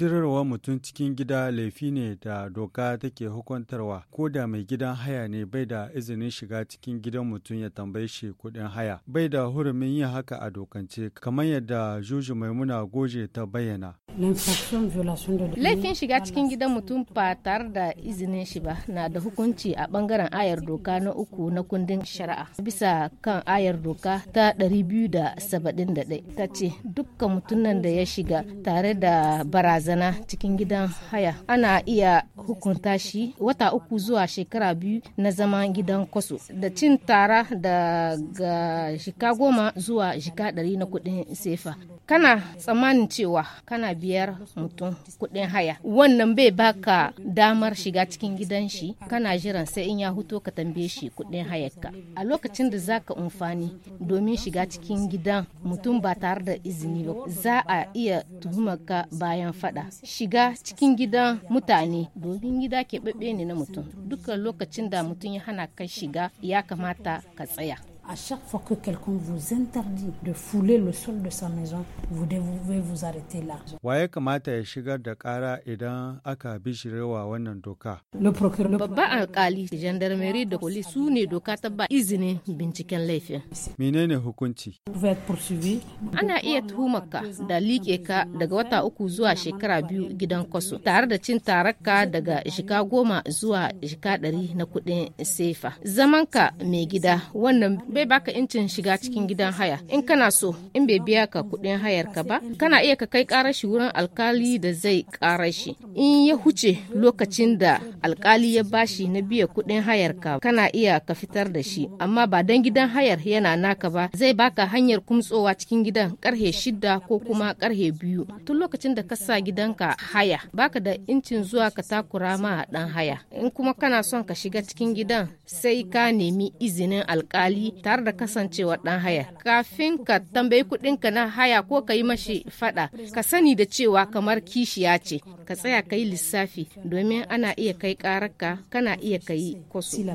dirarwa mutum cikin gida laifi ne da doka take hukuntarwa ko da mai gidan haya ne bai da izinin shiga cikin gidan mutum ya tambaye shi kuɗin haya bai da hurumin yin haka a dokance kamar yadda juju maimuna goje ta bayyana Laifin shiga cikin gidan mutum ba tare da izinin shi ba na da hukunci a bangaren ayar doka na uku na kundin shari'a bisa kan ayar doka ta 271 ta ce dukkan mutumin da ya shiga tare da barazana cikin gidan haya ana iya hukunta shi wata uku zuwa shekara biyu na zama gidan kwaso da cin tara daga shika goma zuwa shika dari na kuɗin sefa kana tsammanin cewa kana biyar mutum kuɗin haya wannan bai baka damar shiga cikin gidan shi kana jiran sai in ya huto ka tambaye shi kuɗin hayarka a lokacin da za ka umfani domin shiga cikin gidan mutum ba tare da izini ba za a iya ka bayan fada shiga cikin gidan mutane domin gida keɓaɓɓe ne na mutum dukkan lokacin da mutum ya hana ka shiga ya kamata ka tsaya À chaque fois que quelqu'un vous interdit de fouler le sol de sa maison, vous devez vous arrêter là. gendarmerie police ne doka Ana daga wata gidan daga shika zuwa shika Zamanka mai gida bai baka incin shiga cikin gidan haya in kana so in bai biya ka kuɗin hayar ka ba kana iya ka kai karar shi wurin alkali da zai karar shi in ya huce lokacin da alkali ya bashi na biya kuɗin hayar ka kana iya ka fitar da shi amma ba dan gidan hayar yana naka ba zai baka hanyar kumtsowa cikin gidan karhe shida ko kuma karhe biyu tun lokacin da ka sa gidan ka haya baka da incin zuwa ka takura ma dan haya in kuma kana son ka shiga cikin gidan sai ka nemi izinin alkali ta tare da kasancewa dan haya kafin ka tambayi kuɗinka na haya ko ka yi mashi fada ka sani da cewa kamar kishiya ce ka tsaya ka yi lissafi domin ana iya kai kararka kana iya kai kwasu